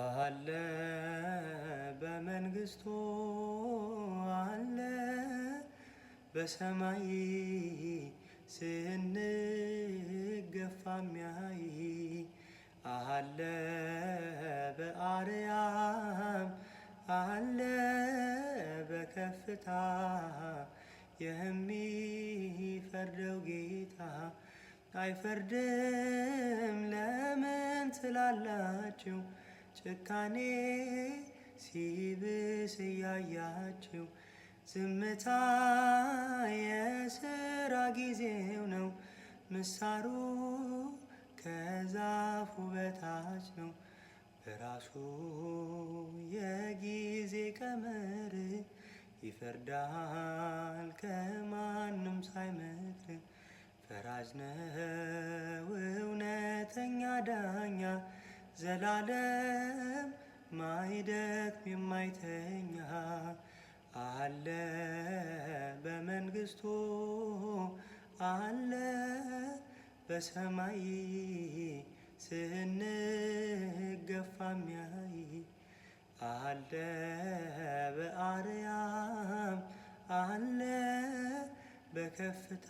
አለ በመንግስቱ አለ በሰማይ ስንገፋ ሚያይ አለ በአርያም አለ በከፍታ የሚፈርደው ጌታ አይፈርድም ለምን ስላላችሁ ጭካኔ ሲብስ እያያችው ዝምታ የስራ ጊዜው ነው። ምሳሩ ከዛፉ በታች ነው። በራሱ የጊዜ ቀመር ይፈርዳል ከማንም ሳይመጥን ፈራጅ ነው እውነተኛ ዳኛ ዘላለም ማይደክም የማይተኛ አለ በመንግስቱ አለ በሰማይ ስንገፋ ሚያይ አለ በአርያም አለ በከፍታ